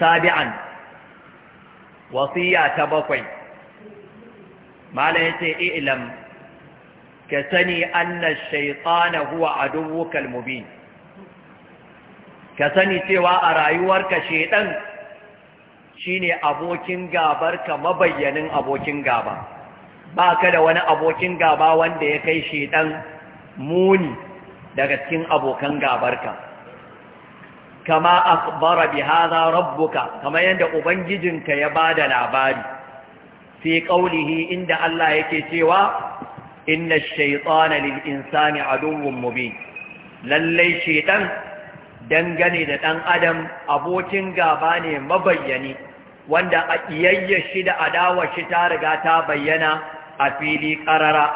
sabi'an wasiya ta bakwai malam yace i'lam ka sani anna shaytana huwa aduwwuka mubin ka sani cewa a rayuwarka shedan shine abokin gabarka mabayyanin abokin gaba ba ka da wani abokin gaba wanda ya kai shedan muni daga cikin abokan gabarka kama akhbara bihadha rabbuka kama ubangijin ubangijinka ya ba da labari fi qawlihi inda Allah yake cewa inna ash lil insani aduwwun Lallai lalle ɗan dangane da ɗan adam abokin gaba ne mabayyani wanda a iyayya shi da adawa shi ta riga ta bayyana a fili ƙarara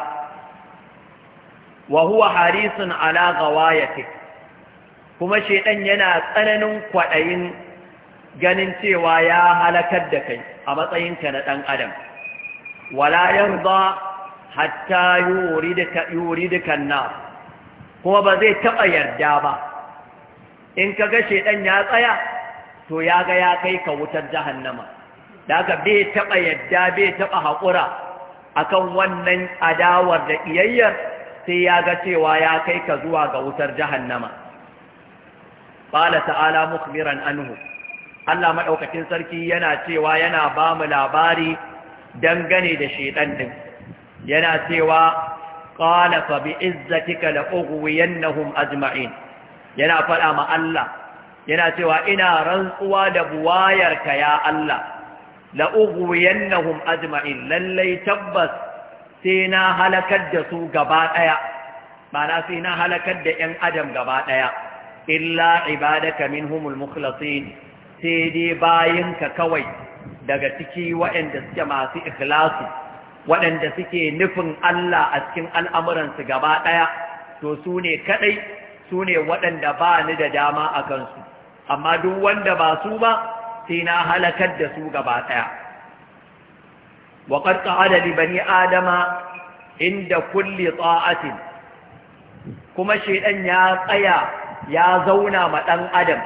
wa huwa harisun ala ghawayatik kuma shaidan yana tsananin kwaɗayin ganin cewa ya halakar da kai a matsayinka na ɗan adam wala ba, hatta yuridika na kuma ba zai taɓa yarda ba in ka ga shaidan ya tsaya to ya ga ya kai ka wutar jahannama da aka bai taɓa yarda bai taɓa haƙura akan wannan adawar da iyayyar sai ya ga cewa ya kai ka zuwa ga wutar jahannama qala ta'ala mukbiran anhu Allah maɗaukacin sarki yana cewa yana ba mu labari dangane da shedan ɗin yana cewa qala fa bi izzatika la ughwiyannahum ajma'in yana faɗa ma Allah yana cewa ina rantsuwa da buwayarka ya Allah la ughwiyannahum ajma'in lallai tabbas sai na halakar da su gaba daya ma'ana sai na halakar da 'yan adam gaba ɗaya illa ibadaka minhumul mukhlasin sai dai bayanka kawai daga ciki waɗanda suke masu ikhlasi waɗanda suke nufin Allah a cikin al'amuransu gaba ɗaya to su ne kaɗai su ne waɗanda ba ni da dama a kansu amma duk wanda ba su ba sai na halakar da su gaba ɗaya waƙar ƙa'ada Bani adama inda kulli tsa'atin kuma shaidan ya tsaya ya zauna ma ɗan adam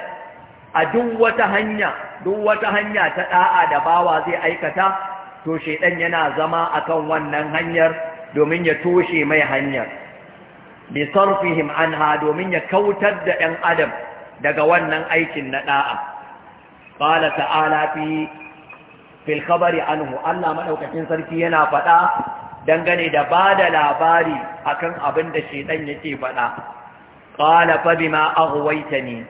a duk wata hanya duk wata hanya ta ɗa'a da bawa zai aikata to shaidan yana zama akan wannan hanyar domin ya toshe mai hanyar bi sarfihim anha domin ya kautar da ɗan adam daga wannan aikin na ɗa'a qala ta'ala fi fil khabari anhu Allah madaukakin sarki yana faɗa dangane da bada labari akan abin da shaidan yake faɗa qala fa bima aghwaytani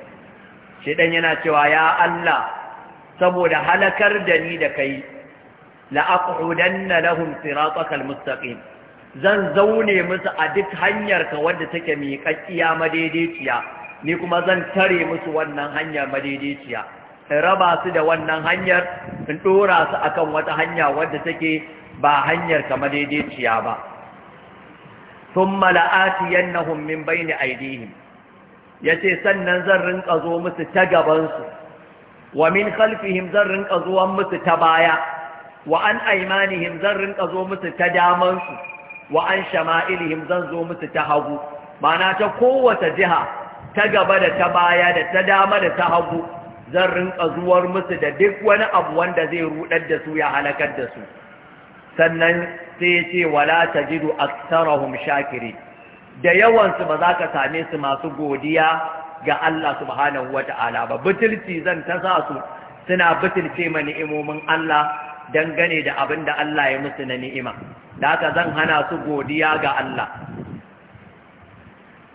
shedan yana cewa ya Allah saboda halakar da ni da kai la aqudanna lahum siratakal mustaqim zan zaune musu a duk hanyar ka wadda take miƙaƙƙiya madaidaiciya ni kuma zan tare musu wannan hanyar madaidaiciya in raba su da wannan hanyar in ɗora su akan wata hanya wadda take ba hanyar ka madaidaiciya ba thumma la'atiyannahum min bayni ya yace sannan zan rinka zo musu ta gabansu. wa min khalfihim zan rinka zuwan musu ta baya wa an aymanihim zan rinka zo musu ta damansu, wa an shama'ilihim zan zo musu ta hagu mana ta kowace jiha ta gaba da ta baya da ta dama da ta hagu zan rinka zuwar musu da duk wani abu wanda zai rudar da su ya halakar da su sannan sai ya ce wala ta jidu aktsarahum shakiri da yawansu ba za ka same su masu godiya ga Allah subhanahu wa ta'ala ba butulci zan ta sa su suna butulce ma ni'imomin Allah dangane da abin da Allah ya musu na ni'ima da aka zan hana su godiya ga Allah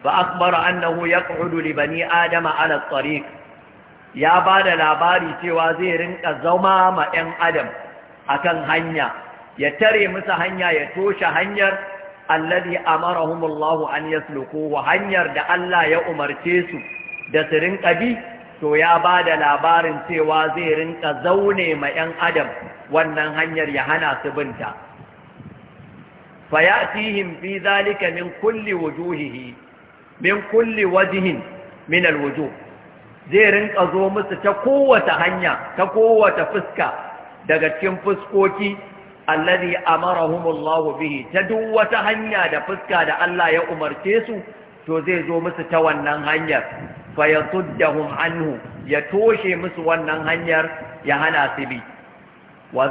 ba akbara annahu ya li bani adama ala tsarik. Ya ba da labari cewa zai rinka zama ma yan adam a kan hanya ya tare musu hanya ya toshe hanyar alladhi amarahumullahu an yasluku wa hanyar da Allah ya umarce su da su rinka bi to ya ba da labarin cewa zai rinka zaune ma 'yan adam wannan hanyar ya hana su binta fayatihim fi zalika min kulli wujuhihi min kulli wajhin min alwujuh zai rinka zo musu ta kowace hanya ta kowace fuska daga cikin fuskoki alladhi amarahumullahu bihi ta duk wata hanya da fuska da Allah ya umarce su to zai zo musu ta wannan hanyar fa yasuddahum anhu ya toshe musu wannan hanyar ya hana su bi wa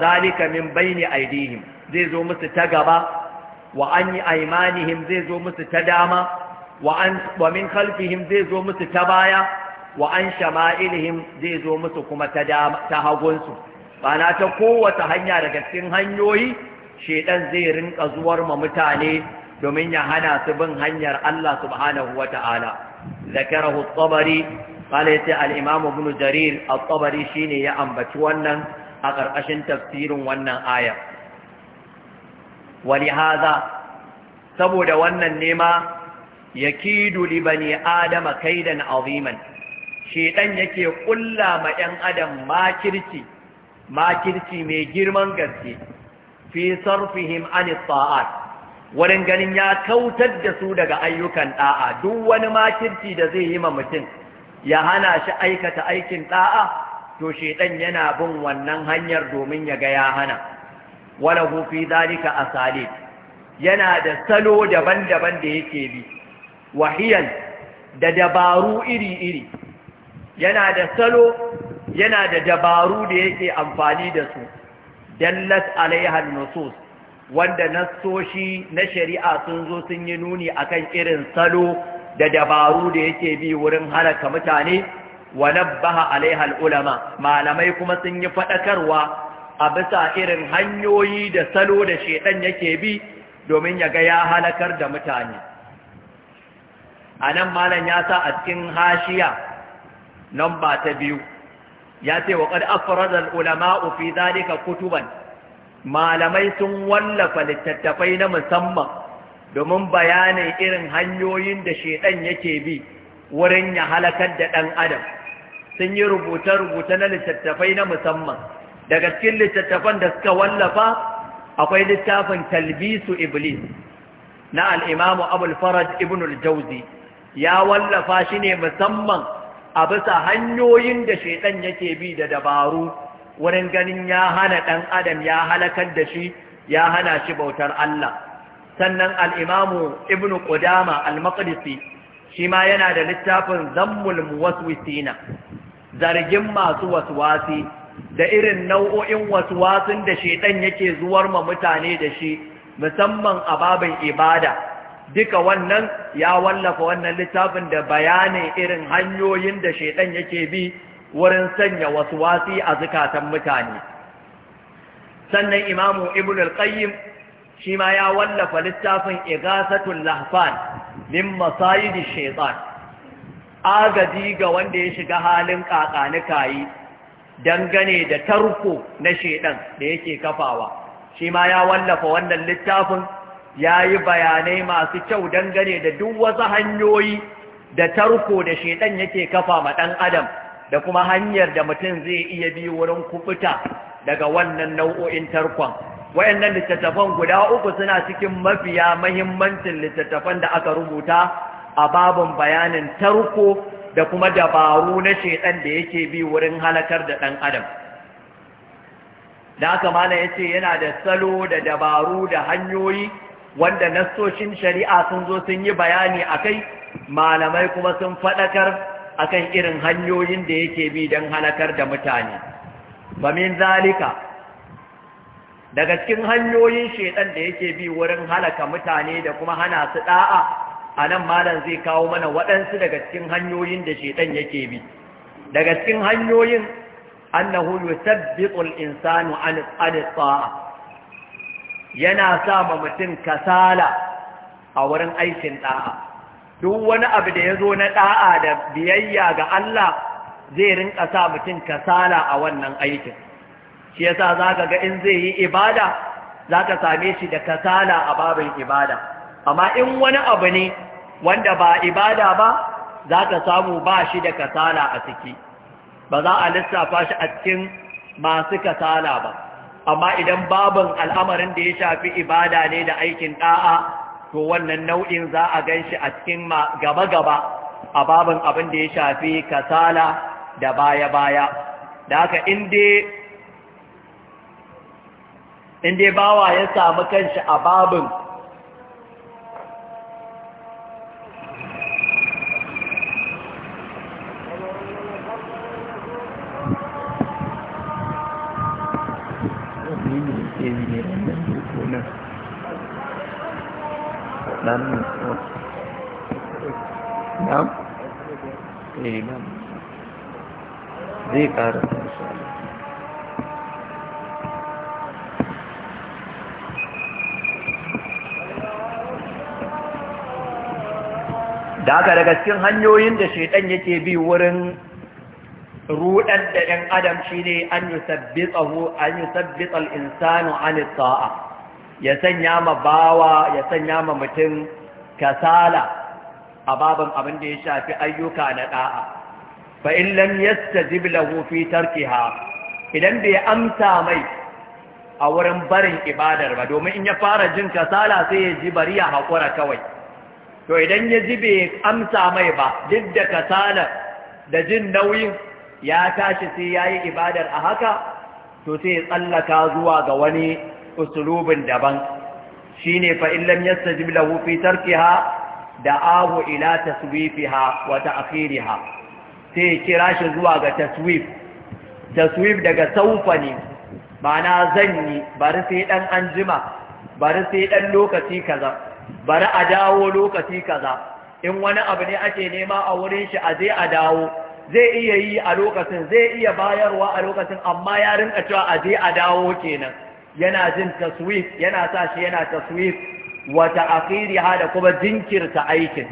min baini aidihim zai zo musu ta gaba wa an aymanihim zai zo musu ta dama wa an wa min khalfihim zai zo musu ta baya wa an shama'ilihim zai zo musu kuma ta dama ta hagunsu bana ta kowace hanya daga cikin hanyoyi shedan zai rinka zuwar ma mutane domin ya hana su bin hanyar Allah subhanahu wata'ala zakarahu at-tabari qala yace al-imam ibn jarir a tabari shine ya ambaci wannan a ƙarƙashin tafsirin wannan aya walihaza saboda wannan nema yakidu li bani adama kaidan aziman shedan yake ƙulla ma 'yan adam makirci makirci mai girman gaske fi sarfihim an ta'at wurin ganin ya kautar da su daga ayyukan da'a duk wani makirci da zai yi ma mutum ya hana shi aikata aikin da'a to shedan yana bin wannan hanyar domin ya ga ya hana wala hu fi zalika asali yana da salo daban-daban da yake bi wahiyan da dabaru iri-iri yana da salo yana da dabaru da yake amfani da su dallas alaihan nusus wanda nassoshi na shari'a sun zo sun yi nuni akan irin salo da dabaru da yake bi wurin halaka mutane wa nabbaha alaiha ulama malamai kuma sun yi fadakarwa a bisa irin hanyoyi da salo da shedan yake bi domin ya ga ya halakar da mutane anan malam ya sa a cikin hashiya namba ta biyu ya ce wa qad afraza ulama fi zalika kutuban malamai sun wallafa littattafai na musamman domin bayanin irin hanyoyin da shedan yake bi wurin ya halakar da ɗan adam sun yi rubuta-rubuta na littattafai na musamman daga cikin littattafan da suka wallafa akwai littafin talbisu iblis na al'imamu abul faraj ibn al-jauzi ya wallafa shi ne musamman a bisa hanyoyin da shaitan yake bi da dabaru wurin ganin ya hana ɗan adam ya halakar da shi ya hana shi bautar Allah sannan al'imamu ibn Qudama al-Maqdisi shi ma yana da littafin zammul muwaswisina zargin masu waswasi da irin nau'o'in waswasin da shaitan yake zuwar ma mutane da shi musamman a babin ibada duka wannan ya wallafa wannan littafin da bayanin irin hanyoyin da shaidan yake bi wurin sanya wasu wasi a zukatan mutane sannan imamu ibn al-qayyim shi ma ya wallafa littafin igasatul lahfan min masayidi shaitan agaji ga wanda ya shiga halin kakanikayi dangane da tarko na shaidan da yake kafawa shi ma ya wallafa wannan littafin ya yi bayanai masu kyau dangane da duk wasu hanyoyi da tarko da shaidan yake kafa ma ɗan adam da kuma hanyar da mutum zai iya bi wurin kubuta daga wannan nau'o'in tarkon wayannan littattafan guda uku suna cikin mafiya mahimmancin littattafan da aka rubuta a babin bayanin tarko da kuma dabaru na shaidan da yake bi wurin halakar da ɗan adam da aka mana ya ce yana da salo da dabaru da hanyoyi wanda nassoshin shari'a sun zo sun yi bayani akai malamai kuma sun faɗakar a kan irin hanyoyin da yake bi don halakar da mutane Ba min zalika daga cikin hanyoyin shedan da yake bi wurin halaka mutane da kuma hana su ɗa'a, a nan malam zai kawo mana waɗansu daga cikin hanyoyin da shedan yake bi daga cikin hanyoyin annahu yusabbitu insanu an al-ta'a yana sa ma mutum kasala a wurin aikin ɗa'a duk wani abu da ya zo na ɗa'a da biyayya ga Allah zai rinka sa mutum kasala a wannan aikin shi yasa za ka ga in zai yi ibada za ka same shi da kasala a babin ibada amma in wani abu ne wanda ba ibada ba za ka samu ba shi da kasala a ciki ba za a lissafa shi a cikin masu kasala ba amma idan babin al'amarin da ya shafi ibada ne da aikin ɗa'a to wannan nau'in za a gan shi a cikin gaba-gaba a babin abin da ya shafi kasala da baya-baya da haka inda bawa ya samu kanshi a babin alheri ne wannan eh, da haka daga cikin hanyoyin da shaidan yake bi wurin rudar da yan adam shine an yusabbitahu an insanu an ta'a ya sanya ma bawa ya sanya ma mutum kasala a babin abin da ya shafi ayyuka na ɗa'a. fa in lam yastajib lahu fi ha, idan bai amsa mai a wurin barin ibadar ba domin in ya fara jin kasala sai ya ji bari ya hakura kawai to idan ya ji bai amsa mai ba duk da kasala da jin nauyin ya tashi sai ya yi ibadar a haka to sai ya tsallaka zuwa ga wani usulubin daban shi ne fa'illam ya jimla hufi fi ha da ahu ila taswifiha wata ha sai kira shi zuwa ga taswif taswif daga saufa ne zan yi. bari sai an anjima bari sai ɗan lokaci kaza bari a dawo lokaci kaza in wani abu ne ake nema a wurin shi a zai a dawo zai iya yi a lokacin zai iya bayarwa a lokacin amma ya rinka cewa a je a dawo kenan yana jin taswif yana sa shi yana taswif wa ta'khiriha da kuma jinkirta aikin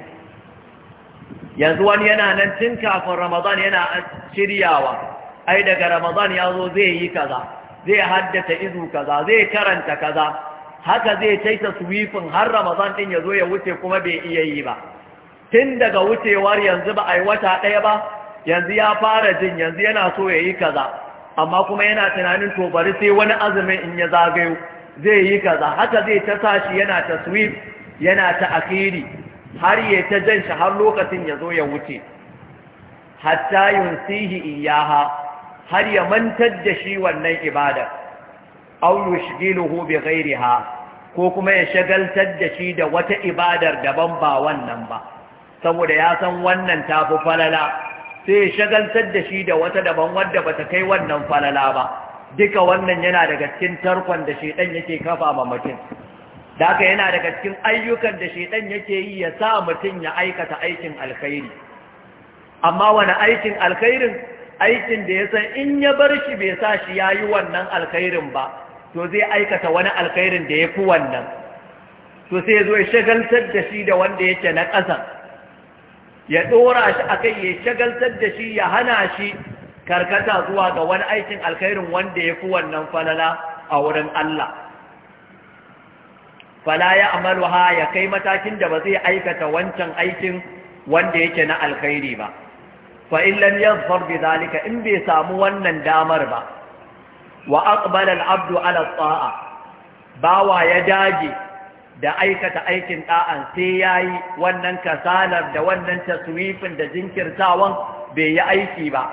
yanzu wani yana nan tun kafin Ramadan yana shiryawa ai daga Ramadan ya zo zai yi kaza zai haddata izu kaza zai karanta kaza haka zai kai taswifin har Ramadan din ya zo ya wuce kuma bai iya yi ba tun daga wucewar yanzu ba a yi wata ɗaya ba yanzu ya fara jin yanzu yana so ya yi kaza amma kuma yana tunanin to bari sai wani azumin in ya zagayo zai yi kaza haka zai ta sashi yana ta sweep yana ta akiri har ya ta jan shi har lokacin ya zo ya wuce hatta yunsihi iyaha har ya mantar da shi wannan ibadar aw yushghiluhu bi ghayriha ko kuma ya shagaltar da shi da wata ibadar daban ba wannan ba saboda ya san wannan tafi falala sai shagaltar da shi da wata daban wadda ba ta kai wannan falala ba duka wannan yana daga cikin tarkon da shedan yake kafa ma mutum da haka yana daga cikin ayyukan da shedan yake yi ya sa mutum ya aikata aikin alkhairi amma wani aikin alkhairin aikin da ya san in ya bar shi bai sa shi yayi wannan alkhairin ba to zai aikata wani alkhairin da yafi wannan to sai ya zo ya shagaltar da shi da wanda yake na ƙasa ya ɗora shi a kai ya shagaltar da shi ya hana shi karkata zuwa ga wani aikin alkhairin wanda ya fi wannan falala a wurin Allah fala ya amalu ha ya kai matakin da ba zai aikata wancan aikin wanda yake na alkhairi ba fa in lam zalika in bai samu wannan damar ba wa aqbala abdu ala bawa ya dage da aikata aikin ɗa'an sai ya yi wannan kasalar da wannan taswifin da jinkirtawan bai yi aiki ba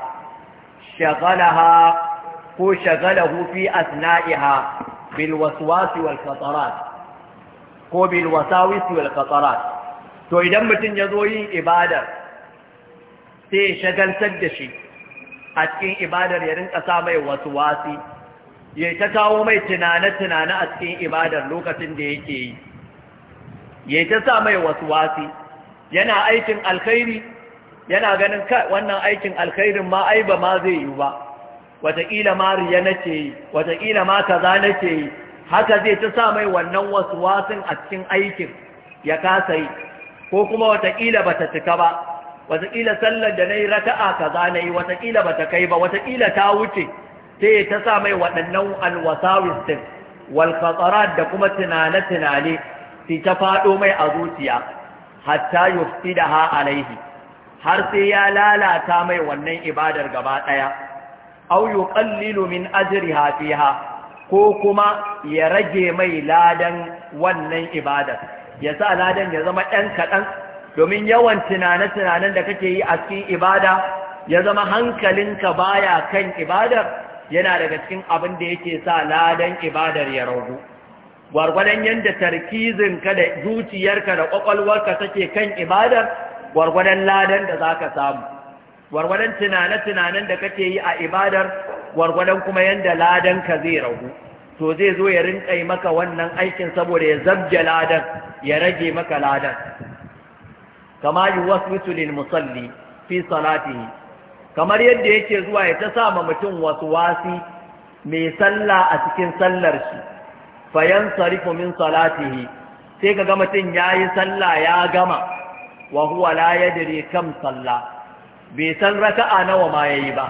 shagalaha ko shagalahu fi asna'iha bilwaswasi wal khatarat ko bilwasawisi wal khatarat to idan mutum ya zo yin ibadar sai shagaltar da shi a cikin ibadar ya rinka sa mai waswasi ya ta kawo mai tunane-tunane a cikin ibadar lokacin da yake yi ya ta sa mai wasu wasi yana aikin alkhairi yana ganin wannan aikin alkhairin ma ai ba ma zai yi ba wataƙila ma riya nake yi wataƙila ma kaza nake yi haka zai ta sa mai wannan wasu wasin a cikin aikin ya kasa yi ko kuma wataƙila ba ta cika ba wataƙila sallar da na yi raka'a kaza na yi wataƙila ba ta kai ba wataƙila ta wuce sai ta sa mai waɗannan alwasawis din wal da kuma tunane-tunane Si ta faɗo mai a zuciya hatta yufti da ha alaihi har sai ya lalata mai wannan ibadar gaba ɗaya au ƙallilu min hafi ha, ko kuma ya rage mai ladan wannan ibadar ya sa ladan ya zama ɗan kaɗan domin yawan tunane-tunanen da kake yi a cikin ibada ya zama hankalinka baya kan ibadar yana daga cikin abin da yake sa ladan ibadar ya ragu gwargwadon yadda ka da zuciyarka da ƙwaƙwalwarka take kan ibadar gwargwadon ladan da za ka samu gwargwadon tunane-tunanen da kake yi a ibadar gwargwadon kuma yadda ladanka zai ragu to zai zo ya rinƙa maka wannan aikin saboda ya zabje ladan ya rage maka ladan kama yi wasu musalli fi kamar yadda yake zuwa ya ta sa ma mutum wasu wasi mai sallah a cikin sallar shi fayan sarifu min salatihi sai ka ga mutum ya yi sallah ya gama wa huwa la dire kam sallah bai san raka'a nawa ma ya yi ba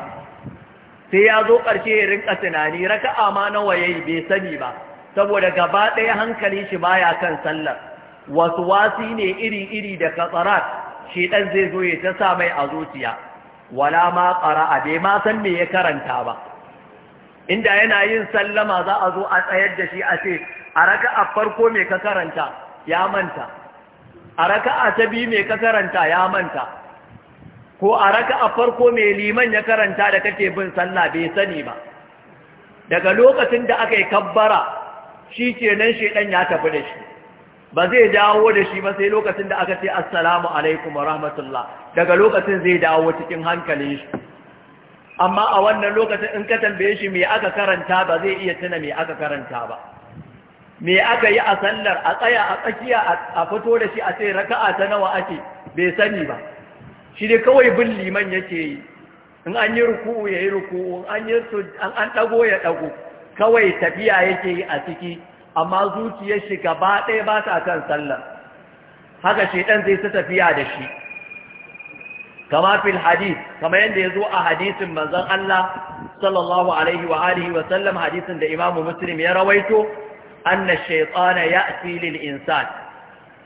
sai ya zo ƙarshe ya rinka tunani raka'a ma nawa ya yi bai sani ba saboda gaba ɗaya hankali shi baya kan sallar wasu wasi ne iri-iri da katsarat shi ɗan zai zo ya ta sa mai a zuciya wala ma qara'a bai ma san me ya karanta ba inda yana yin sallama za a zo a tsayar da shi a ce a raka a farko mai ka karanta ya manta a raka a ta biyu mai ka karanta ya manta ko a raka a farko mai liman ya karanta da kake bin sallah bai sani ba daga lokacin da aka yi kabbara shi kenan shaidan ya tafi da shi ba zai dawo da shi ba sai lokacin da aka ce assalamu alaikum wa rahmatullah daga lokacin zai dawo cikin hankalin shi amma a wannan lokacin in ka tambaye shi me aka karanta ba zai iya tuna me aka karanta ba me aka yi a sallar a tsaya a tsakiya a fito da shi a sai raka'a ta nawa ake bai sani ba shi dai kawai bin liman yake yi in an yi ruku'u ya yi ruku'u an an dago ya dago kawai tafiya yake yi a ciki amma zuciyar shi gaba ɗaya ba ta kan sallar haka shi ɗan zai ta tafiya da shi kama fil hadith kama yanda ya zo a hadisin manzon Allah sallallahu alaihi wa alihi wa sallam hadisin da Imam Muslim ya rawaito anna shaytana ya'ti lil insan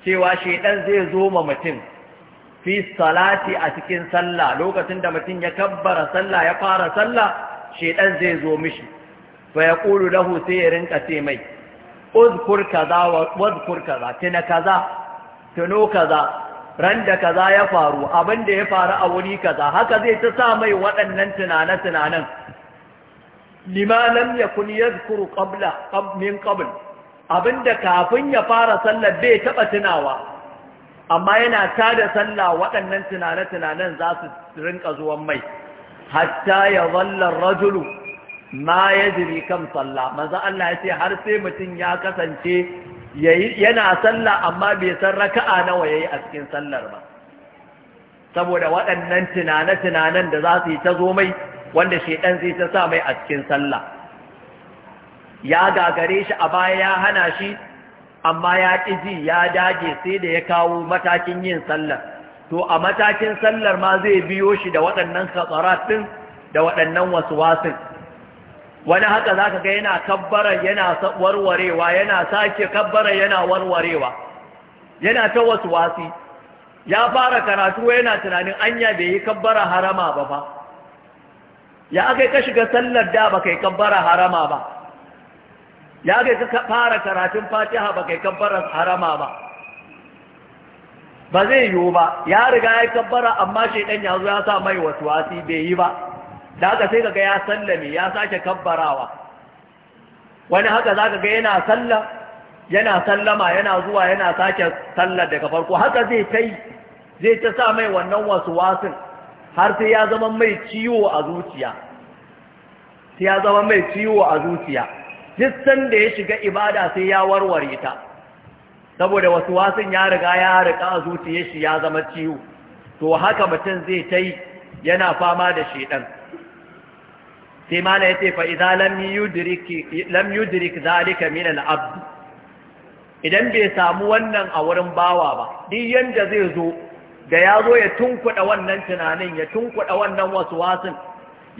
cewa shaytan zai zo ma mutum fi salati a cikin sallah lokacin da mutum ya kabbara sallah ya fara sallah shaytan zai zo mishi fa yaqulu lahu sai ya rinka ce mai uzkur kaza wa uzkur kaza tuna kaza tuno kaza ran da kaza ya faru abin da ya faru a wuri kaza haka zai ta sa mai waɗannan tunane-tunanen ya lam yakun yadhkuru qabla min qabl da kafin ya fara sallar bai taba tunawa amma yana tada sallah waɗannan tunane-tunanen za su rinka zuwan mai hatta ya zallar rajulu ma yadri kan sallah maza Allah ya ce har sai mutum ya kasance yana sallah amma bai san raka'a nawa yayi a cikin sallar ba saboda waɗannan tunane-tunanen da za su yi ta zo mai wanda shedan zai ta sa mai a cikin sallah ya gagare shi a baya ya hana shi amma ya ƙiji ya dage sai da ya kawo matakin yin sallar to a matakin sallar ma zai biyo shi da waɗannan katsarat ɗin da waɗannan wasu wasin wani haka za ka ga yana kabbara yana warwarewa yana sake kabbara yana warwarewa yana ta wasu wasi ya fara karatu yana tunanin anya bai yi kabbara harama ba ba ya aka ka shiga sallar da ba kai kabbara harama ba ya aka ka fara karatun fatiha ba kai kabbara harama ba ba zai yiwu ba ya riga ya yi kabbara amma shaidan ya zo ya sa mai wasu wasi bai yi ba da haka sai kaga ya sallame ya sake kabbarawa wani haka za ka ga yana salla yana sallama yana zuwa yana sake sallar daga farko haka zai kai zai ta sa mai wannan wasu wasin har sai ya zama mai ciwo a zuciya sai ya zama mai ciwo a zuciya duk sanda ya shiga ibada sai ya warware ta saboda wasu wasin ya riga ya rika a zuciyar shi ya zama ciwo to haka mutum zai ta yi yana fama da shedan sai ma na yace fa idza lam yudrik lam zalika min al-abd idan bai samu wannan a wurin bawa ba duk yanda zai zo da ya zo ya tunkuɗa wannan tunanin ya tunkuɗa wannan wasu waswasin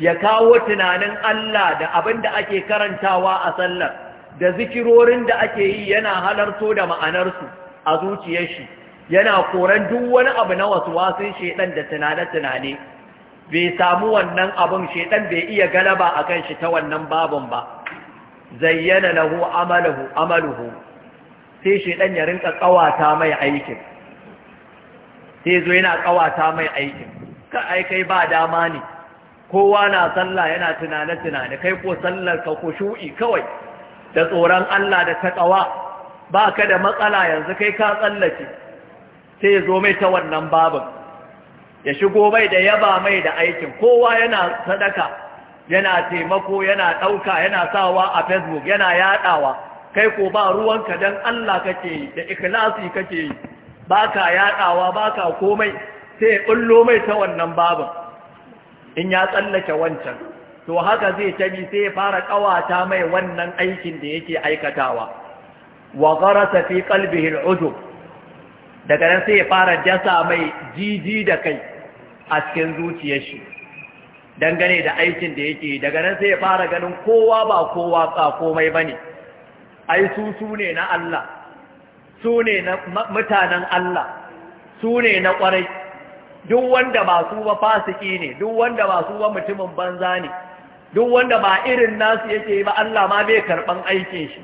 ya kawo tunanin Allah da abin da ake karantawa a sallar da zikirorin da ake yi yana halarto da ma'anarsu a zuciyar shi yana koran duk wani abu na wasu waswasin shedan da tunane-tunane bai samu wannan abun shedan bai iya galaba akan shi ta wannan babun ba zayyana lahu amaluhu amaluhu sai shedan ya rinka kawata mai aikin sai zo yana kawata mai aikin ka ai kai ba dama ne kowa na sallah yana tunane tunane kai ko sallar ka ko shu'i kawai da tsoron Allah da ta ba ka da matsala yanzu kai ka tsallake sai ya zo mai ta wannan babin ya shigo mai da yaba mai da aikin kowa yana sadaka yana taimako yana ɗauka yana sawa a facebook yana yaɗawa kai ko ba ruwanka don allah kake da ikilasi kake yi ba ka yaɗawa ba ka komai sai ɓullo mai ta wannan babin in ya tsallake wancan to haka zai tabi sai ya fara ƙawata mai wannan aikin da yake aikatawa wa garasa fi qalbihi al'ujub daga nan sai ya fara jasa mai jiji da kai a cikin zuciyar shi dangane da aikin da yake daga nan sai ya fara ganin kowa ba kowa ba komai bane ai su su ne na Allah su ne na mutanen Allah su ne na kwarai duk wanda ba su ba fasiki ne duk wanda ba su ba mutumin banza ne duk wanda ba irin nasu yake ba Allah ma bai karban aikin shi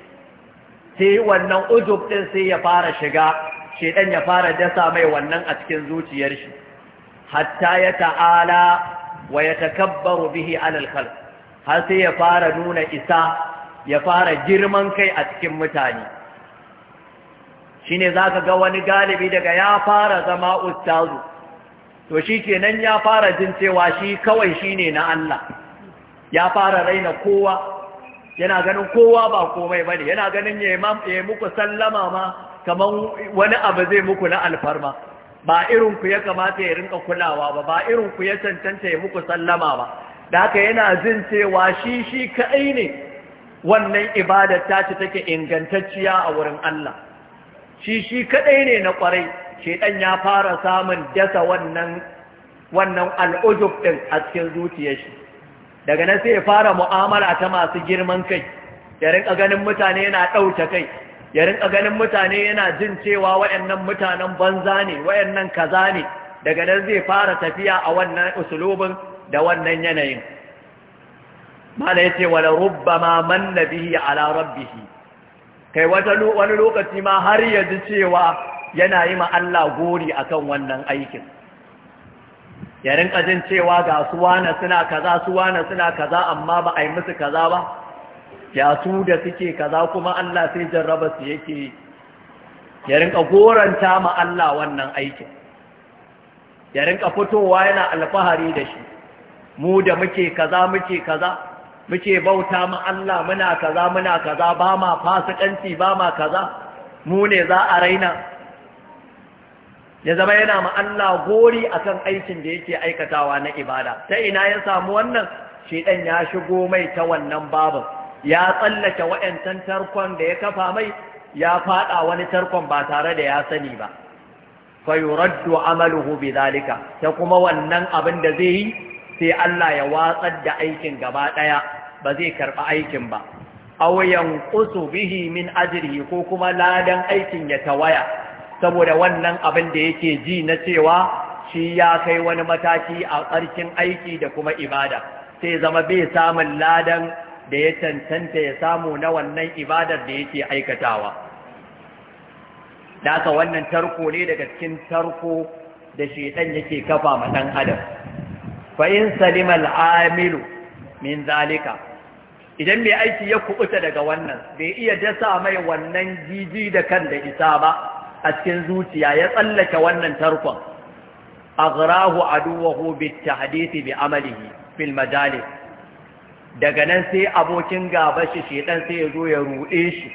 sai wannan ujub din sai ya fara shiga shedan ya fara dasa mai wannan a cikin zuciyar shi hatta ya ta'ala wa takabbaru bihi 'alal har sai ya fara nuna isa ya fara girman kai a cikin mutane za zaka ga wani galibi daga ya fara zama ustazu to shi nan ya fara jin cewa shi kawai shine na Allah ya fara raina kowa yana ganin kowa ba komai bane yana ganin yayi muku sallama ma kamar wani abu zai muku na alfarma ba irin ku ya kamata ya rinka kulawa ba ba irin ku ya cancanta ya muku sallama ba da haka yana jin cewa shi shi kaɗai ne wannan ibadar ta ce take ingantacciya a wurin Allah shi shi kaɗai ne na ƙwarai shedan ya fara samun dasa wannan wannan al'ujub ɗin a cikin zuciyar shi daga nan sai ya fara mu'amala ta masu girman kai da rinka ganin mutane yana ɗauke kai ya rinka ganin mutane yana jin cewa wayannan mutanen banza ne wayannan kaza ne daga nan zai fara tafiya a wannan usulubin da wannan yanayin mala yace wala rubbama manna bihi ala rabbih kai wata wani lokaci ma har ya ji cewa yana yi ma Allah gori akan wannan aikin ya rinka jin cewa ga suwana suna kaza suwana suna kaza amma ba a yi musu kaza ba ya da suke kaza kuma Allah sai jarraba su yake ya rinka goranta ma Allah wannan aikin ya rinka fitowa yana alfahari da shi mu da muke kaza muke kaza muke bauta ma Allah muna kaza muna kaza ba ma fasikanci ba ma kaza mu ne za a raina ya zama yana ma Allah gori akan aikin da yake aikatawa na ibada ta ina ya samu wannan shedan ya shigo mai ta wannan babu ya tsallake wa'yancan tarkon da ya kafa mai ya fada wani tarkon ba tare da ya sani ba fa yuraddu bi zalika, ta kuma wannan abin da zai yi sai Allah ya watsar da aikin gaba ɗaya ba zai karɓi aikin ba Auyan ƙusu bihi min ajrihi ko kuma ladan aikin ya tawaya saboda wannan abin da yake ji na cewa shi ya kai wani mataki a tsarkin aiki da kuma ibada sai zama bai samun ladan da ya cancanta ya samu na wannan ibadar da yake aikatawa daga wannan tarko ne daga cikin tarko da shedan yake kafa ma ɗan adam fa in salima al min zalika idan mai aiki ya kubuta daga wannan bai iya dasa mai wannan jiji da kan da isa ba a cikin zuciya ya tsallake wannan tarkon aghrahu aduwahu bit tahdith bi amalihi fil majalis daga nan sai abokin gaba shi shedan sai ya zo ya ruɗe shi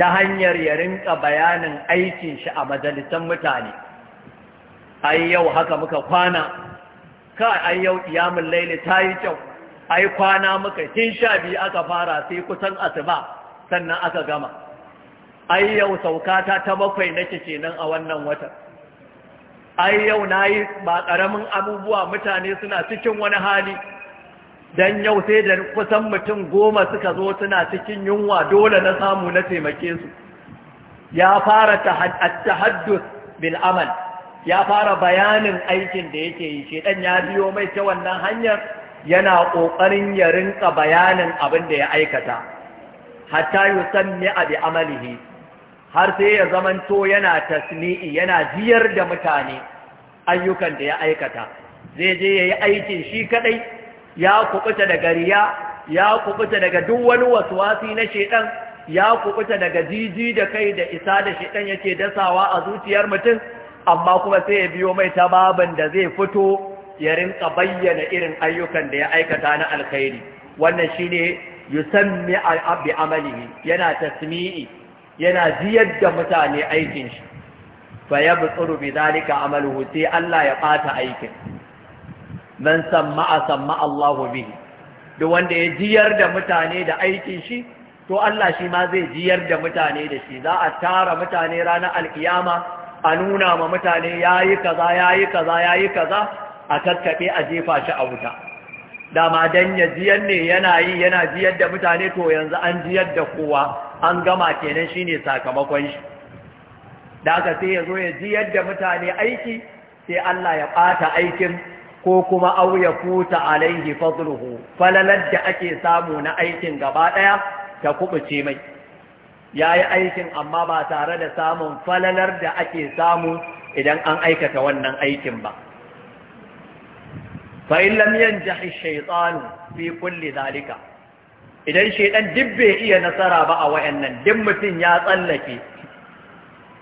ta hanyar ya rinka bayanin aikin shi a majalisan mutane ai yau haka muka kwana ka ai yau iyamun laili ta yi kyau ai kwana muka tun sha biyu aka fara sai kusan asuba sannan aka gama ai yau saukata ta bakwai nake kenan a wannan watan ai yau na yi ba ƙaramin abubuwa mutane suna cikin wani hali dan yau sai da kusan mutum goma suka zo suna cikin yunwa dole na samu na taimake su ya fara tahaddus bil amal ya fara bayanin aikin da yake yi shedan ya biyo mai ta wannan hanyar yana kokarin ya rinka bayanin abin da ya aikata hatta yusanni abi amalihi har sai ya zamanto yana tasni'i yana jiyar da mutane ayyukan da ya aikata zai je yayi aikin shi kadai ya kubuta daga riya ya kubuta daga duk wani waswasi na shedan ya kubuta daga jiji da kai da isa da shedan yake dasawa a zuciyar mutum amma kuma sai ya biyo mai ta babin da zai fito ya rinka bayyana irin ayyukan da ya aikata na alkhairi wannan shine yusammi bi amalihi yana tasmi'i yana ziyar da mutane aikin shi fa yabtsuru bi zalika amaluhu sai Allah ya fata aikin man samma'a samma Allahu bihi duk wanda ya jiyar da mutane da aikin shi to Allah shi ma zai jiyar da mutane da shi za a tara mutane ranar alkiyama a nuna ma mutane yayi kaza yayi kaza yayi kaza a kakkabe a jefa shi a wuta dama dan ya jiyar ne yana yi yana jiyar da mutane to yanzu an jiyar da kowa an gama kenan shine sakamakon shi da aka sai ya ya jiyar da mutane aiki sai Allah ya ɓata aikin ko kuma au ya futa alaihi fadluhu falalar da ake samu na aikin gaba ɗaya ta kubuce mai yayi aikin amma ba tare da samun falalar da ake samu idan an aikata wannan aikin ba fa in lam yanjahi shaytan fi kulli zalika idan shaydan duk bai iya nasara ba a wayannan duk mutum ya tsallake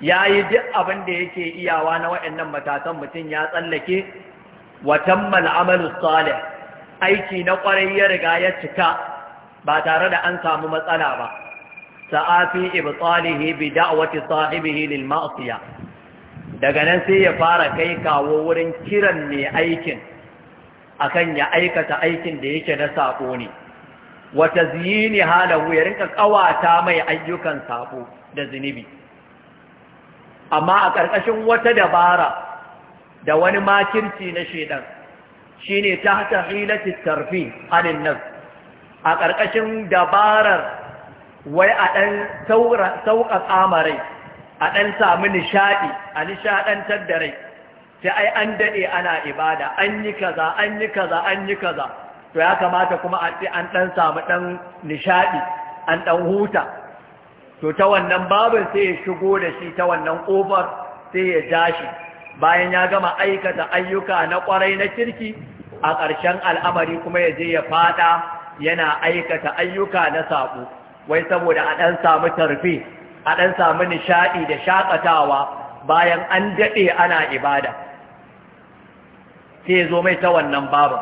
yayi duk abin da yake iyawa na wayannan matatan mutum ya tsallake wa amalu salih aiki na kwarai ya riga ya cika ba tare da an samu matsala ba sa'afi ibtalihi bi da'wati sahibihi lil ma'siyah daga nan sai ya fara kai kawo wurin kiran ne aikin akan ya aikata aikin da yake na sako ne Wata ziyini halahu ya rinka kawata mai ayyukan sako da zunubi amma a ƙarƙashin wata dabara da wani makirci na shaidan shine tahta hilati tarfi halin nan a ƙarƙashin dabarar wai a ɗan sauƙaƙa marai a ɗan sami nishaɗi a nishaɗantar da rai sai ai an daɗe ana ibada an yi kaza an yi kaza an yi kaza to ya kamata kuma a ce an ɗan samu ɗan nishaɗi an ɗan huta to ta wannan babin sai ya shigo da shi ta wannan ƙofar sai ya ja shi bayan ya gama aikata ayyuka na kwarai na kirki a ƙarshen al'amari kuma ya je ya fada yana aikata ayyuka na saƙo. wai saboda a ɗan samu tarfi a ɗan samu nishaɗi da shaƙatawa bayan an daɗe ana ibada sai zo mai ta wannan babu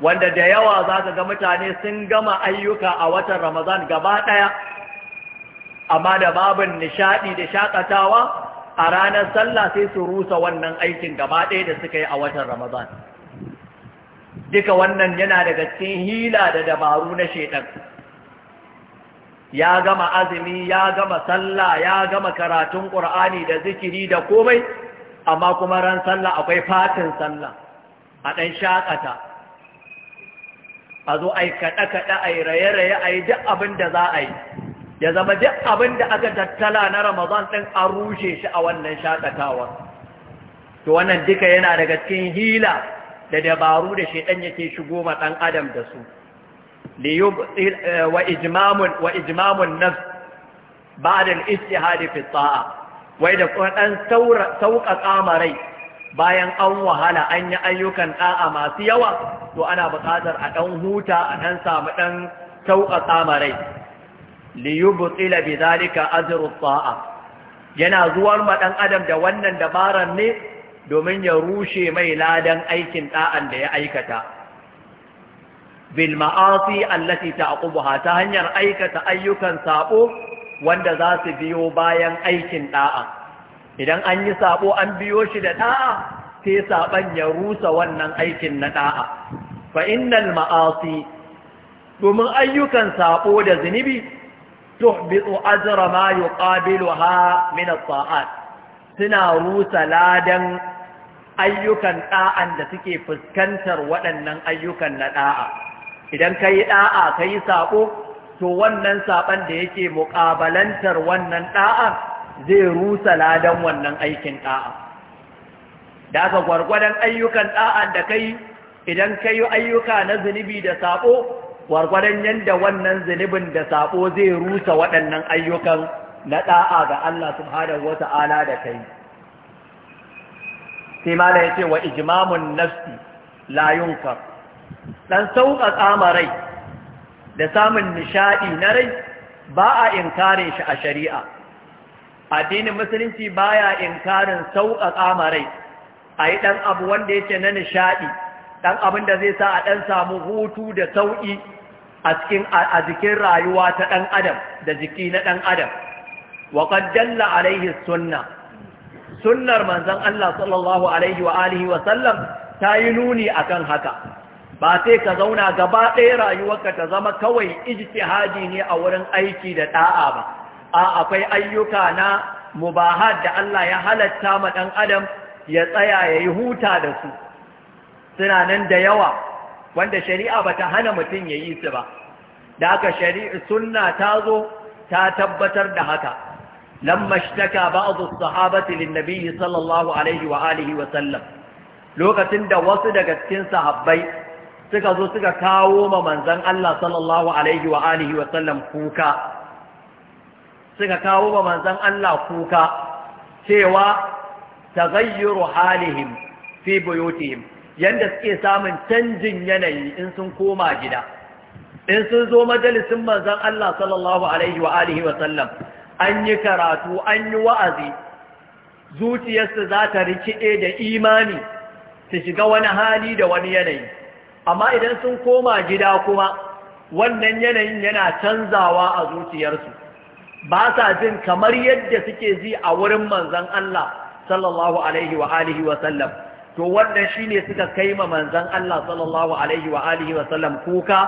wanda da yawa za ka ga mutane sun gama ayyuka a watan ramazan gaba ɗaya amma da babin nishaɗi da shaƙatawa a ranar sallah sai su rusa wannan aikin gaba ɗaya da suka yi a watan Ramadan. Duka wannan yana daga cikin hila da dabaru na shaidan. Ya gama azumi, ya gama sallah, ya gama karatun Ƙur'ani da zikiri da komai, amma kuma ran sallah akwai fatin sallah a ɗan shaƙata. A zo ai kaɗa-kaɗa, ai raye-raye, ai duk abin da za a yi. ya zama duk abin da aka tattala na Ramadan ɗin an rushe shi a wannan shakatawa. To wannan duka yana daga cikin hila da dabaru da shaidan yake shigo ma ɗan adam da su. Eh, wa ijmamun wa ijmamun nafs ba'da al-ijtihad wai da kuma dan sauƙaƙa marai bayan an wahala an yi ayyukan da'a masu yawa to ana buƙatar a ɗan huta a dan samu ɗan sauƙaƙa marai liyubtila bidhalika ajru ta'a yana zuwar ma ɗan adam da wannan dabaran ne domin ya rushe mai ladan aikin da'an da ya aikata bil ma'asi allati ta'qubuha ta hanyar aikata ayyukan sabo wanda za su biyo bayan aikin da'a idan an yi sabo an biyo shi da da'a sai saban ya rusa wannan aikin na da'a fa innal ma'asi domin ayyukan sabo da zunubi tuhbitu ajra ma yuqabiluha min suna rusa ladan ayyukan ɗa'an da suke fuskantar waɗannan ayyukan na da'a idan ɗa'a da'a yi sako to wannan saban da yake muƙabalantar wannan da'a zai rusa ladan wannan aikin da'a da aka gwargwadon ayyukan da'a da kai idan yi ayyuka na zunubi da saɓo gwargwadon yadda wannan zunubin da sabo zai rusa waɗannan ayyukan na ɗa'a ga Allah subhanahu wata'ala da kai sai ya ce wa ijimamun nafsi layunka ɗan dan sauƙaƙa marai da samun nishaɗi na rai ba a inkarin shi a shari'a addinin musulunci baya inkarin sauƙaƙa marai, rai a yi ɗan abu wanda yake na nishaɗi ɗan abin da zai sa a ɗan samu hutu da sauƙi a cikin a jikin rayuwa ta ɗan adam da jiki na ɗan adam wa qad alaihi sunna sunnar manzon Allah sallallahu alaihi wa alihi wa sallam ta yi nuni akan haka ba sai ka zauna gaba ɗaya rayuwarka ta zama kawai ijtihadi ne a wurin aiki da ɗa'a ba a akwai ayyuka na mubahat da Allah ya halatta ma ɗan adam ya tsaya ya yi huta da su suna nan da yawa wanda shari'a ba ta hana mutum ya yi su ba da aka shari'a sunna ta zo ta tabbatar da haka lamma shtaka sahabati lin sallallahu alaihi wa alihi wa sallam lokacin da wasu daga cikin sahabbai suka zo suka kawo ma manzon Allah sallallahu alaihi wa alihi wa sallam kuka suka kawo ma manzon Allah kuka cewa taghayyuru halihim fi buyutihim yanda suke samun canjin yanayi in sun koma gida in sun zo majalisin manzon Allah sallallahu alaihi wa alihi wa an yi karatu an yi wa'azi zuciyarsu za ta rikide da imani su shiga wani hali da wani yanayi amma idan sun koma gida kuma wannan yanayin yana canzawa a zuciyarsu ba sa jin kamar yadda suke ji a wurin manzon Allah sallallahu alaihi wa alihi wa to wannan shine suka kai ma manzon Allah sallallahu alaihi wa alihi kuka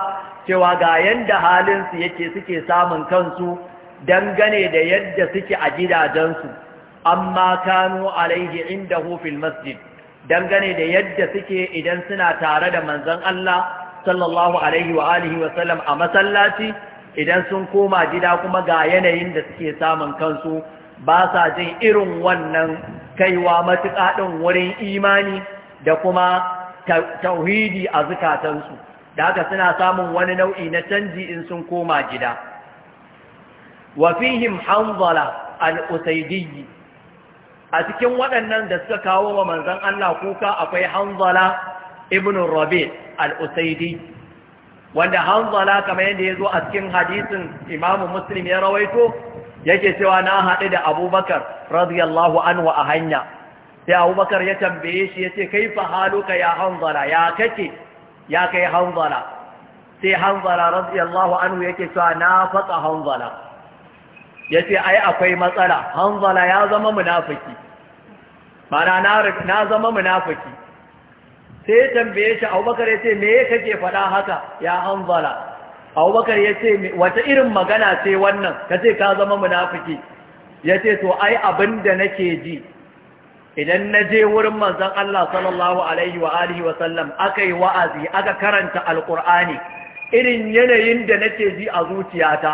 cewa ga yanda halinsu yake suke samun kansu dangane da yadda suke a gidajensu amma Kano alaihi inda Hufin masjid dangane da yadda suke idan suna tare da manzon Allah sallallahu alaihi wa alihi a masallaci idan sun koma gida kuma ga yanayin da suke samun kansu ba sa jin irin wannan kaiwa matuƙa ɗin wurin imani da kuma tauhidi a zukatansu da haka suna samun wani nau'i na canji in sun koma gida wafihim hanzala al'usaidiyyi a cikin waɗannan da suka kawo wa manzan Allah kuka akwai hanzala ibn rabi al'usaidi wanda hanzala kamar yadda ya zo a cikin hadisin imamu muslim ya rawaito yake cewa na haɗu da abubakar radiyallahu anhu a hanya sai abubakar ya tambaye shi ya ce kai fa haluka ya hanzala ya kake ya kai hanzala sai hanzala radiyallahu anhu yake cewa na fatsa hanzala ya ce ai akwai matsala hanzala ya zama munafiki mana na zama munafiki sai ya tambaye shi abubakar ya ce me kake faɗa haka ya hanzala abubakar ya ce wata irin magana ce wannan ka ce ka zama munafiki ya ce to ai abin da nake ji idan na je wurin manzon Allah sallallahu alaihi wa alihi wa sallam aka yi wa'azi aka karanta Alkur'ani irin yanayin da nake ji a zuciyata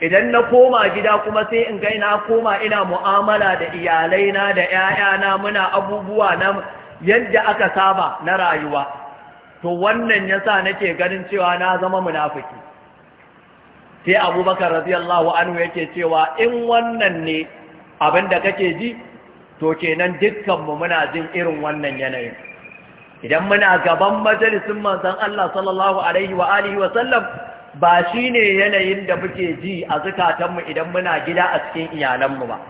idan na koma gida kuma sai in ga ina koma ina mu'amala da iyalaina da ƴaƴana muna abubuwa na yadda aka saba na rayuwa to wannan yasa nake ganin cewa na zama munafiki sai abubakar radiyallahu anhu yake cewa in wannan ne abinda kake ji to kenan dukkanmu muna jin irin wannan yanayin idan muna gaban majalisin manzon Allah sallallahu alaihi wa alihi wa sallam ba shine yanayin da muke ji a zakatanmu idan muna gida a cikin iyalanmu ba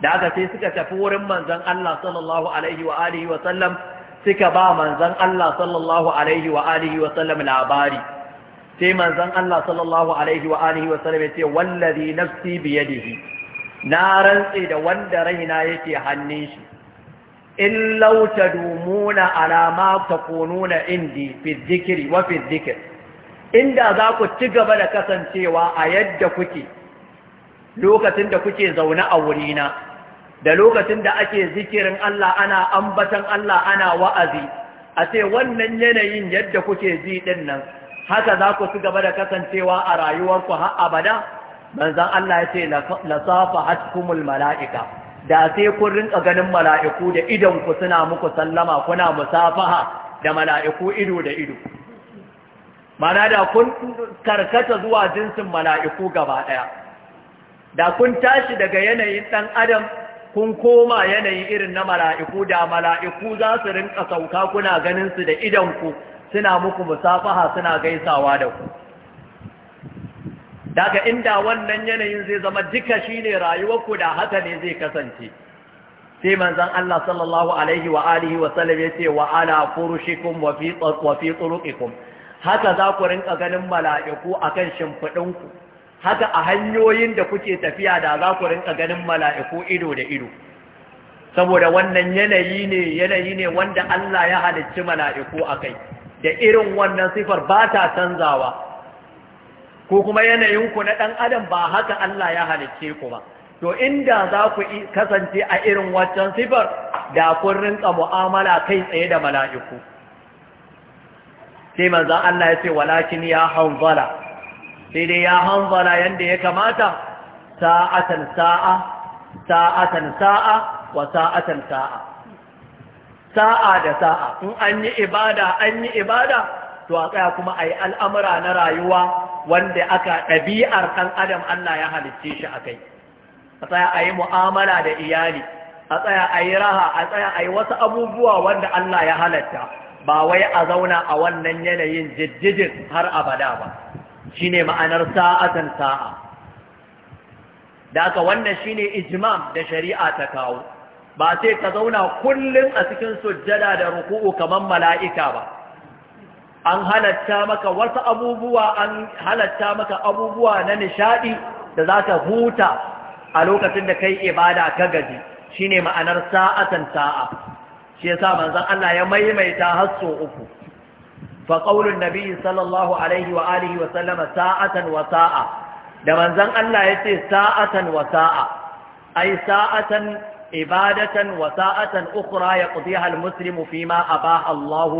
da aka sai suka tafi wurin manzon Allah sallallahu alaihi wa alihi wa sallam suka ba manzon Allah sallallahu alaihi wa alihi wa sallam labari sai manzon Allah sallallahu alaihi wa alihi wa sallam yace wallazi nafsi bi yadihi na rantsi da wanda raina yake hannun shi in law tadumuna ala ma taquluna indi fi dhikri wa fi dhikr inda za ku ci gaba da kasancewa a yadda kuke lokacin da kuke zaune a wurina da lokacin da ake zikirin Allah ana ambatan Allah ana wa'azi a ce wannan yanayin yadda kuke ji din nan haka za ku ci gaba da kasancewa a rayuwarku har abada manzon Allah ya ce la safa hatkumul malaika da sai kun rinka ganin mala'iku da idan ku suna muku sallama kuna musafaha da mala'iku ido da ido mana da kun karkata zuwa jinsin mala'iku gaba ɗaya da kun tashi daga yanayin ɗan adam kun koma yanayi irin na mala'iku da mala'iku za su rinka sauka kuna ganin su da ku suna muku musafaha suna gaisawa da ku daga inda wannan yanayin zai zama duka shine rayuwarku da haka ne zai kasance sai manzon Allah sallallahu alaihi wa alihi wa sallam ce wa ala furushikum wa fi wa fi turuqikum haka za ku rinka ganin mala'iku akan shimfidinku haka a hanyoyin da kuke tafiya da za ku rinka ganin mala'iku ido da ido saboda wannan yanayi ne yanayi ne wanda Allah ya halicci mala'iku akai da irin wannan sifar ba ta canzawa ko kuma yanayinku na ɗan adam ba haka Allah ya halicce ku ba to inda za ku kasance a irin waccan sifar da kun rinka mu'amala kai tsaye da mala'iku sai manzan Allah ya ce walakin ya hanzala sai dai ya hanzala yadda ya kamata sa'atan sa'a sa'atan sa'a wa sa'atan sa'a sa'a da sa'a in an yi ibada an yi ibada to a tsaya kuma a yi al'amura na rayuwa wanda aka ɗabi'ar ɗan adam Allah ya halicce shi a kai a tsaya a yi mu'amala da iyali a tsaya a yi raha a tsaya a yi wasu abubuwa wanda Allah ya halatta ba wai a zauna a wannan yanayin jijjijin har abada ba shi ne ma'anar sa'atan sa'a da aka wannan shi ne ijimam da shari'a ta kawo ba sai ka zauna kullum a cikin sujjada da ruku'u kamar mala'ika ba an halatta maka wasu abubuwa an halatta maka abubuwa na nishaɗi da za ta huta a lokacin da kai ibada ka gaji ne ma'anar sa'atan sa'a shi yasa manzon Allah ya maimaita har uku fa ƙaunin nabi sallallahu alaihi wa alihi wa sa'atan wa sa'a da manzon Allah yace sa'atan wa sa'a ai sa'atan ibadatan wa sa'atan ukhra yaqdiha al-muslimu fima abaha Allah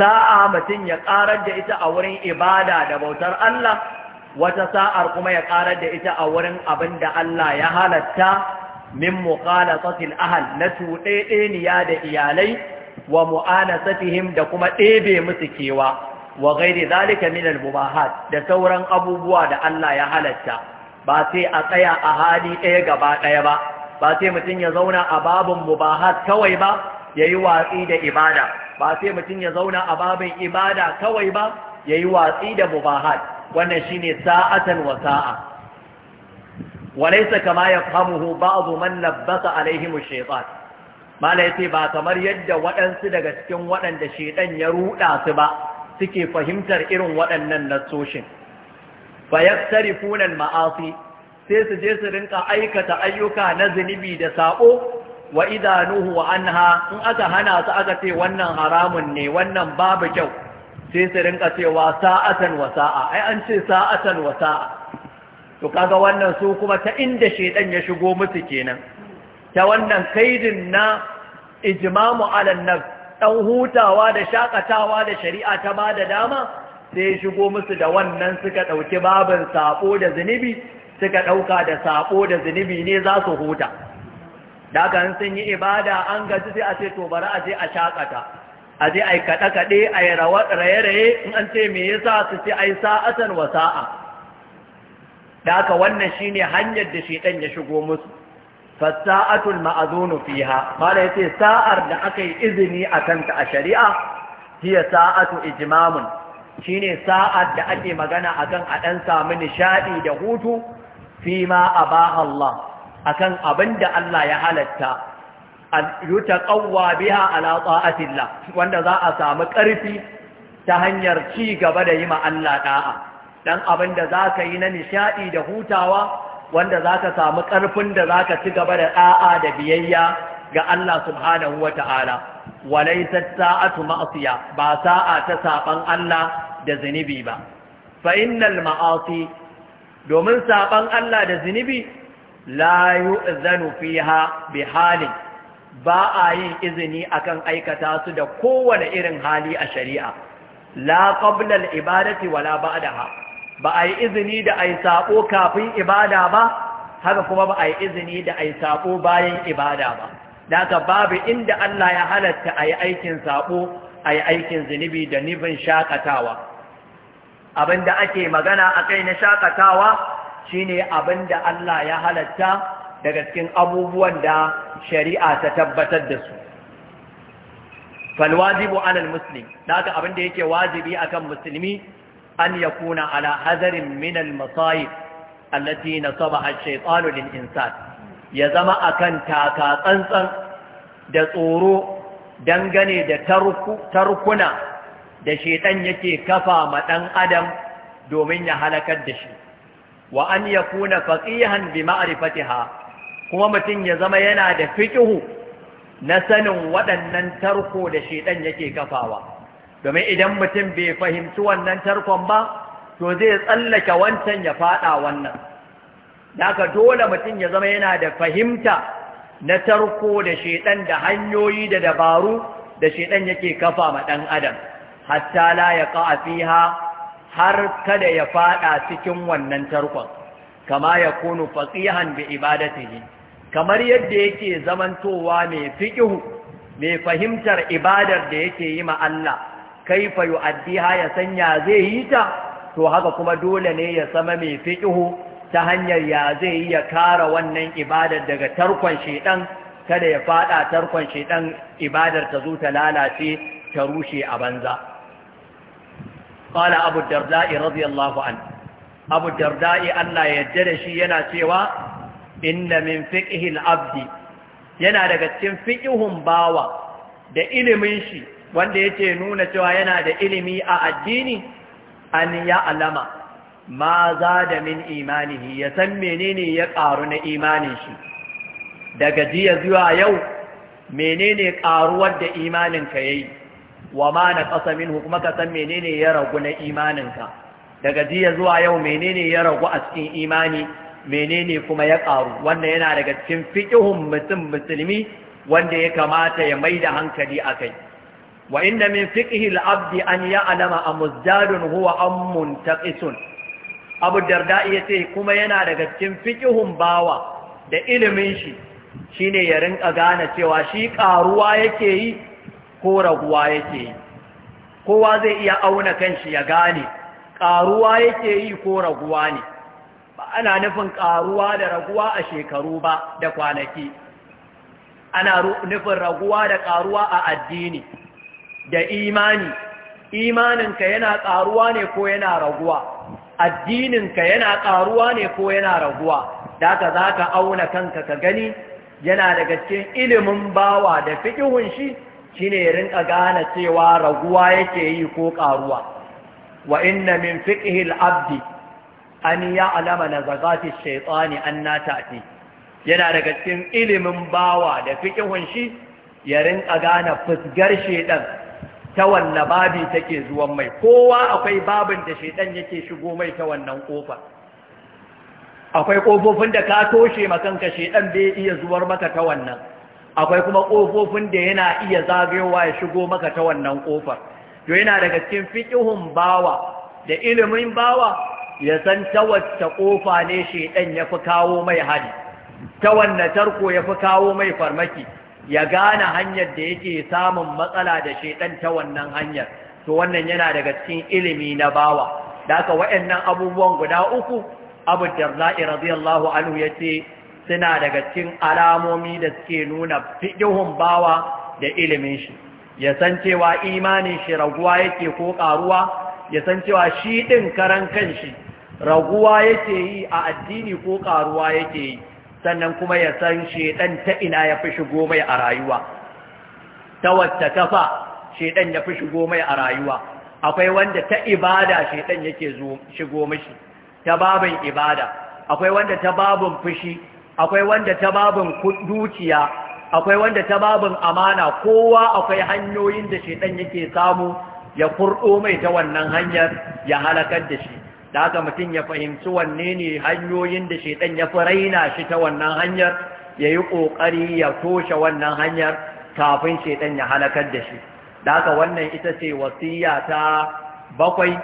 sa'a mutum ya ƙarar da ita a wurin ibada da bautar Allah wata sa'ar kuma ya ƙarar da ita a wurin abin da Allah ya halatta min muqalatatil Ahal, na tuɗeɗeniya da iyalai wa mu'anasatihim da kuma ɗebe musu kewa wa gairi zalika min al da sauran abubuwa da Allah ya halatta ba sai a tsaya a hali ɗaya gaba ɗaya ba ba sai mutum ya zauna a babin mubahat kawai ba ya yi watsi da ibada ba sai mutum ya zauna a babin ibada kawai ba ya yi watsi da mubahat wannan shi ne sa'atan wa sa'a walaisa kama ya famuhu ba'azu man labbasa alaihimu shaitan malai sai ba kamar yadda waɗansu daga cikin waɗanda shaitan ya ruɗa su ba suke fahimtar irin waɗannan nassoshin fa yaktarifunan ma'asi sai su je su rinka aikata ayyuka na zunubi da sabo wa idanuhu anha in aka hana su aka ce wannan haramun ne wannan babu kyau sai su rinka cewa sa'atan wa sa'a ai an ce sa'atan wa sa'a to kaga wannan su kuma ta inda shedan ya shigo musu kenan ta wannan kaidin na ijmamu ala dan hutawa da shakatawa da shari'a ta bada dama sai shigo musu da wannan suka dauki babin sabo da zunubi suka ɗauka da saƙo da zunubi ne za su huta daga sun yi ibada an gaji sai a ce to bari a je a shaƙata, a je a yi kaɗe-kaɗe a yi raye-raye in an ce me yasa su ce a yi sa'atan wa sa'a daga wannan shine hanyar da shi ɗan ya shigo musu fasa'atul ma'azunu fiha ya ce sa'ar da aka yi izini a kanta a shari'a hiya sa'atu shi shine sa'ar da ake magana akan a ɗan samu nishaɗi da hutu fi ma abaha Allah akan abinda Allah ya halatta yutaqawwa biha ala ta'atillah wanda za a samu ƙarfi ta hanyar ci gaba da yi ma Allah da'a dan abinda zaka yi na nishadi da hutawa wanda zaka samu ƙarfin da zaka ci gaba da da'a da biyayya ga Allah subhanahu wata'ala walaysat sa'atu ma'siya ba sa'a ta saban Allah da zunubi ba fa innal ma'asi domin saban Allah da zunubi la yu'zanu fiha bi halin ba a yin izini akan aikata su da kowane irin hali a shari'a la qabla al-ibadati wala ba'daha ba a yi izini da ai saɓo kafin ibada ba haka kuma ba a yi izini da ai saɓo bayan ibada ba daga babu inda Allah ya halatta a yi aikin saɓo a yi aikin zunubi da nufin shakatawa abin da ake magana a kai na shakatawa shine abin da Allah ya halatta daga cikin abubuwan da shari'a ta tabbatar da su falwajibu alal muslim da haka abin da yake wajibi akan musulmi an yakuna ala hazarin min al masayib allati nasabaha ash-shaytanu lil insan ya zama akan taka tsantsan da tsoro dangane da tarkuna da shaitan yake kafa ma ɗan adam domin ya halakar da shi wa an yakuna faqihan bi ma'rifatiha kuma mutum ya zama yana da fiƙihu na sanin waɗannan tarko da shaitan yake kafawa domin idan mutum bai fahimci wannan tarkon ba to zai tsallake wancan ya fada wannan daga dole mutum ya zama yana da fahimta na tarko da shaitan da hanyoyi da dabaru da shaitan yake kafa ma ɗan adam hatta la ya ƙa'a fiha har kada ya faɗa cikin wannan tarkon kama ya kunu faqihan bi ibadatihi kamar yadda yake zamantowa mai fiƙihu, mai fahimtar ibadar da yake yi ma Allah fayu yu'addiha ya sanya zai yi ta to haka kuma dole ne ya sama mai fiƙihu ta hanyar ya zai yi ya kara wannan ibadar daga tarkon shedan kada ya faɗa tarkon shedan ibadar ta zo ta lalace ta rushe a banza قال أبو الدرداء an الله Allah ya yadda da shi yana cewa سوى min fiƙihin abdi yana daga لغتين fiƙihun bawa da ilimin shi wanda ce nuna cewa yana da ilimi a addini an ya alama ma za da min imanihi ya san menene ya ƙaru na imanin shi daga jiya zuwa yau menene ƙaruwar da imaninka ya yi wa ma na ƙasa minhu kuma ka san menene ya ragu na imaninka daga jiya zuwa yau menene ya ragu a cikin imani menene kuma ya ƙaru wannan yana daga cikin fiƙihun mutum musulmi wanda ya kamata ya mai da hankali a kai wa inda min fiƙihi al'abdi an ya alama a muzdadun huwa an muntaƙisun abu darda ya ce kuma yana daga cikin fiƙihun bawa da ilimin shi shine ya rinka gane cewa shi ƙaruwa yake yi ko raguwa yake yi kowa zai iya auna kanshi ya gane ƙaruwa yake yi ko raguwa ne ba ana nufin ƙaruwa da raguwa a shekaru ba da kwanaki ana nufin raguwa da ƙaruwa a addini da imani imaninka yana ƙaruwa ne ko yana raguwa addininka yana ƙaruwa ne ko yana raguwa da ka za ka auna kanka ka gani yana daga cikin ilimin bawa da fiƙihunshi shine ya rinka gane cewa raguwa yake yi ko ƙaruwa. wa inna min fiqhi al-abd an ya'lama nazagati ash-shaytani anna ta'ti yana daga cikin ilimin bawa da fiqhun shi ya rinka gane fusgar shedan ta wanne babi take zuwan mai kowa akwai babin da shedan yake shigo mai ta wannan kofa akwai ƙofofin da ka toshe makanka shedan bai iya zuwar maka ta wannan akwai kuma ƙofofin da yana iya zagayowa ya shigo maka ta wannan ƙofar to yana daga cikin fiƙihun bawa da ilimin bawa ya san ta wacce ƙofa ne shaidan ya fi kawo mai hari ta wannan tarko ya fi kawo mai farmaki ya gane hanyar da yake samun matsala da shaidan ta wannan hanyar to wannan yana daga cikin ilimi na bawa da aka waɗannan abubuwan guda uku abu darza'i radiyallahu anhu ya ce suna daga cikin alamomi da suke nuna fiƙihun bawa da ilimin shi ya san cewa imanin shi raguwa yake ko ƙaruwa ya san cewa shi ɗin karan kanshi raguwa yake yi a addini ko ƙaruwa yake yi sannan kuma ya san shedan ta ina ya fi shigo mai a rayuwa ta wacce kafa shedan ya fi shigo mai a rayuwa akwai wanda ta ibada shedan yake shigo mishi ta babin ibada akwai wanda ta babin fushi akwai wanda ta babin dukiya akwai wanda ta babin amana kowa akwai hanyoyin da shedan yake samu ya kurdo mai ta wannan hanyar ya halakar da shi da haka mutum ya fahimci wanne ne hanyoyin da shedan ya fi raina shi ta wannan hanyar ya yi ƙoƙari ya toshe wannan hanyar kafin shedan ya halakar da shi da haka wannan ita ce wasiya ta bakwai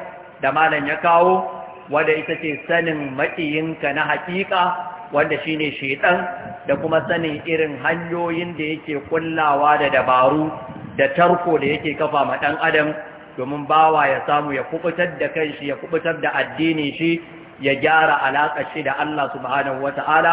da malam ya kawo wadda ita ce sanin maƙiyinka na haƙiƙa wanda shi shine shaiɗan da kuma sanin irin hanyoyin da yake kullawa da dabaru da tarko da yake kafa ma ɗan adam domin bawa ya samu ya kubutar da kanshi ya kubutar da addini shi ya gyara alaƙa shi da Allah subhanahu wata'ala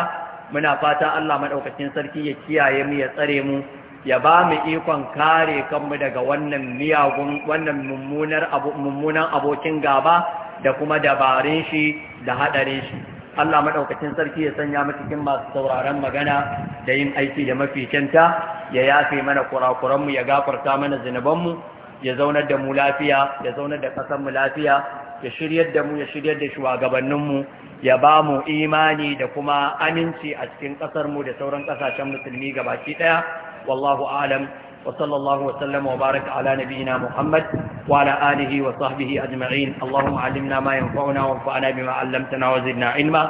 muna fata Allah maɗaukacin sarki ya kiyaye mu ya tsare mu ya ba mu ikon kare kanmu daga wannan miyagun wannan mummunar mummunan abokin gaba da kuma dabarun shi da haɗarin shi Allah madaukakin sarki ya sanya mu cikin masu sauraron magana da yin aiki da mafi kyanta ya yafe mana kurakuran mu ya gafarta mana zinuban mu ya zaunar da mu lafiya ya zaunar da kasan mu lafiya ya shiryar da mu ya shiryar da shugabannin mu ya ba mu imani da kuma aminci a cikin kasar mu da sauran kasashen musulmi gabaki daya wallahu alam وصلى الله وسلم وبارك على نبينا محمد وعلى آله وصحبه أجمعين اللهم علمنا ما ينفعنا وانفعنا بما علمتنا وزدنا علما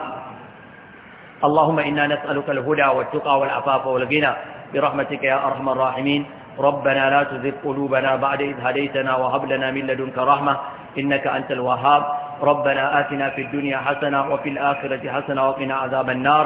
اللهم إنا نسألك الهدى والتقى والعفاف والغنى برحمتك يا أرحم الراحمين ربنا لا تزغ قلوبنا بعد إذ هديتنا وهب لنا من لدنك رحمة إنك أنت الوهاب ربنا آتنا في الدنيا حسنة وفي الآخرة حسنة وقنا عذاب النار